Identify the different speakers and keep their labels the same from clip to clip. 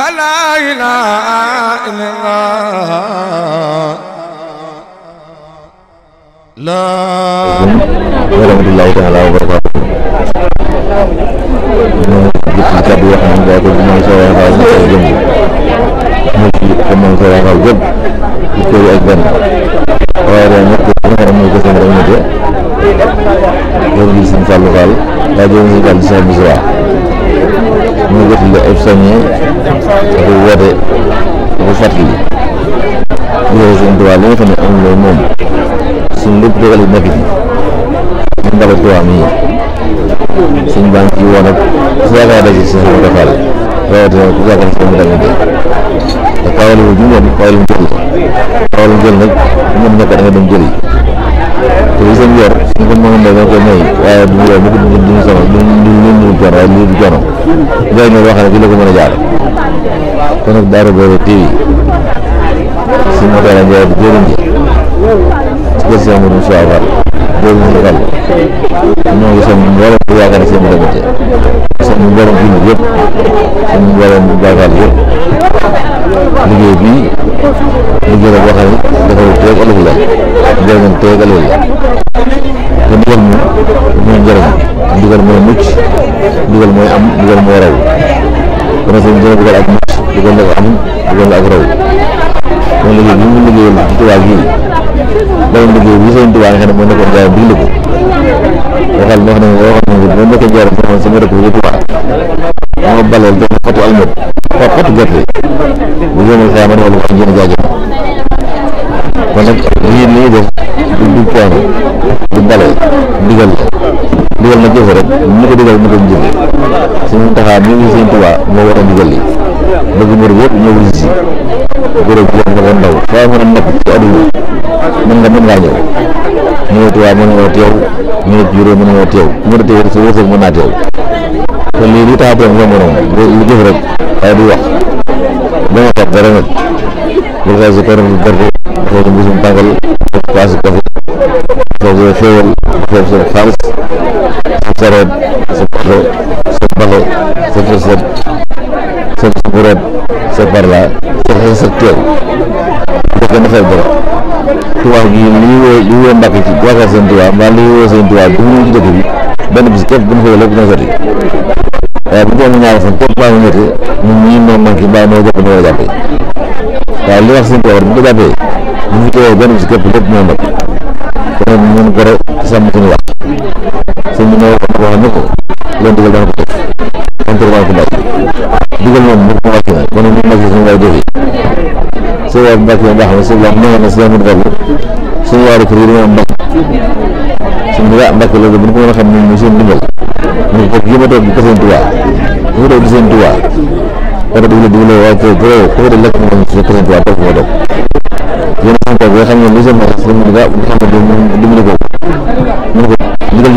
Speaker 1: فلا إله إلا
Speaker 2: الله لا ورحمة الله تعالى وبركاته gis kàddu yoo xam ne daa ko mën sa waxal jëm muy ko mën sa waxal jëm gis ko ak benn waaye daa nekk li nga xam ne ko seen rek ñu de yow gis seen sàllu faal daa jëm si kàddu seen bisimilah ñu wëtlu ay soññee ak woote bu fàttali ji loolu suñu yi nekk ci ñu ndax su yaakaar daje si suñu defaale rawatina ku yaakaar mu danga dee mu jël xawale mu jël nag moom ñàkk da nga dem jël yi du mu ko coono waaye ñu ngi coono na loo la ko mën a jaare
Speaker 3: kon nag Daara Boye TV si ma teel a njaay bu jëriñ ji si kër Sëñ Mourou Moussa
Speaker 2: Fall jëriñ si Fall ñoo ngi seen mboolem bu yaakaar seen diggante seen mboolem jullit yëpp seen mboolem jaakaar yëpp liggéey bii liggéey la boo xam ne dafa la dugal mooy mucc dugal mooy am dugal mooy raw kon nag dina dugal ak mucc dugal la ko am dugal la ak raw kon liggéey bi mu liggéey bi seen tubaab yi nga xam ne moo nekkoon jaay bind ko waxal wax nañu waxal nañu bu nekkee jaay sama sama rek bi tubaab moo baleel jox xottu almet xottu gerte bu yéen saa man wala wax jën jaajëm kon nag lii nii def du du point du bale ndigal digal nag jëfe rek ñu ko digal na ko jëfe suñu taxaa mi ngi sëñ Tuubaa moo war a digal li bëgg mbir yëpp ñëw si góor ak jigéen mag ak ndaw faa mën a nekk ci àdduna mën nga mën ngaa ñëw minute waa mën nga teew minute juróom mën nga teew mën a teew sa wërsëg mën naa teew te lii li tax doon yomb noonu lu jëf rek waaye du wax dama fab dara nag bul xëy si karam gerte xëy si mbisum tàngal xëy si paas café xëy si xéewal xëy si xaalis sareet sa oto sa bato sa fërsat sa bureet sa parla sa xëy sa teel da ko defal dara tubaab gi li ñu woo li ñu woo mbàkk ci waxee seen tubaab mbaa li ñu woo seen tubaab du ñu ci dëkk bi benn bis képp bu ñu xëyee lépp dina
Speaker 3: sotti
Speaker 2: waaye bu ñu amee ñaari fan képp baa ngi métti ñun ñi noo manqué mbaa noo jàpp noo jàppee waaye li wax seen tubaab bu ko jàppee bu ñu fi teewee benn bis képp lépp moo mat kon ñu ko sàmm suñu wax sëñ bi nee na wax ne ko loolu digal daan ko def intervent ko bàyyi digal moom mu ko wàcce na kon mu màcc suñu waay defi suñu waay mbàcc yi nga xam ne suñu waay nee na si amul fàll suñu waay rek dina am mbàcc suñu diwaan ah mbàcc loolu bu ñu ko mën a xam ne mooy seen dimbal ñu ko yëngu toog di ko seen tuwaa ñu toog di seen tuwaa parce que dañu la digle waa kër bu réew ku ko def lekk moom si ko seen tuwaa def moo doog yéen a xam ne lu seen wax sëñ bi nga xam ne dimbali ko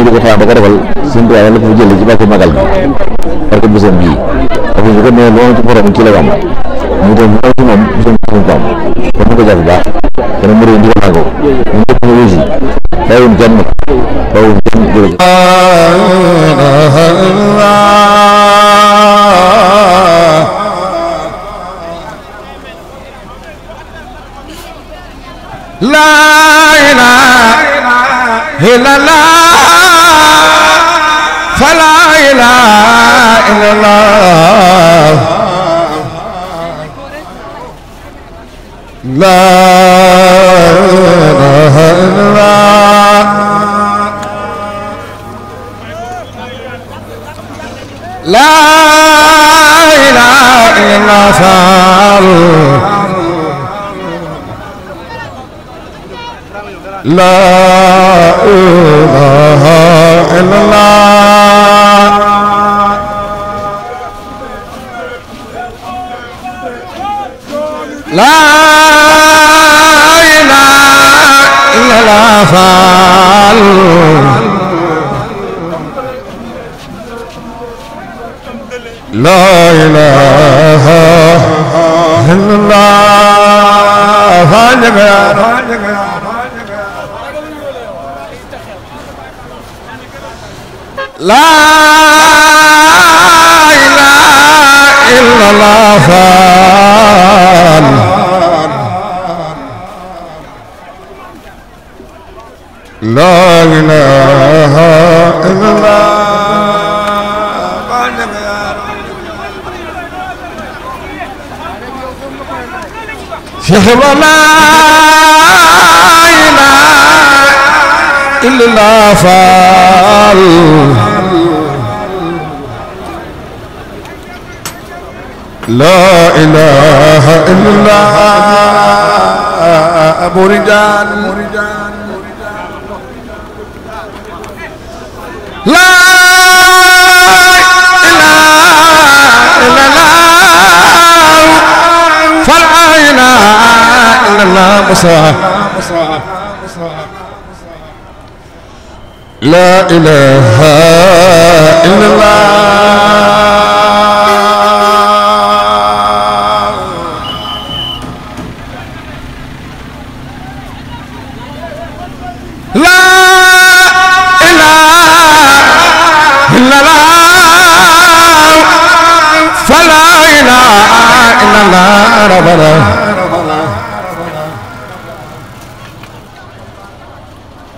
Speaker 2: ñu di ko xalaat da ko defal sëñ bi yàlla la ko fa jëlee ci barke magal gi barke bisam bii parce que bu ko nee loo ci borom ci la am mu doon ñëw ci moom bisam bi ñu ko am kon ko mu doon di ko nangoo ñu ñëpp ñu wuyu si bàyyiwuñ kenn bàyyiwuñ kenn jërëjëf
Speaker 1: الله لا اله الا الله لا إله إلا الله فان لا إله إلا الله شيخ لا إله إلا الله لا إله إلا أبو رجال لا إله إلا الله فلا إله إلا الله مصاحب لا إله إلا الله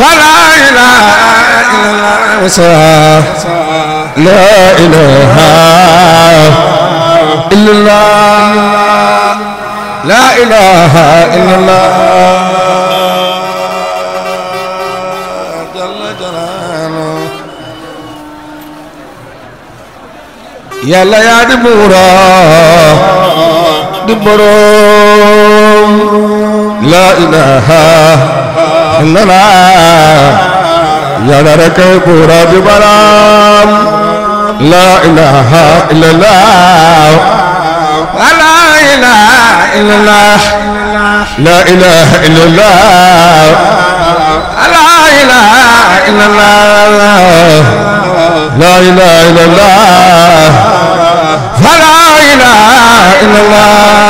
Speaker 1: فلا إله إلا الله لا إله إلا الله لا إله إلا الله جل جلاله يا ليالي مورا دبرو لا إله إلا الله يدرك براد برام لا إله إلا الله لا إله إلا الله لا إله إلا الله لا إله إلا الله لا إله إلا الله فلا إله إلا الله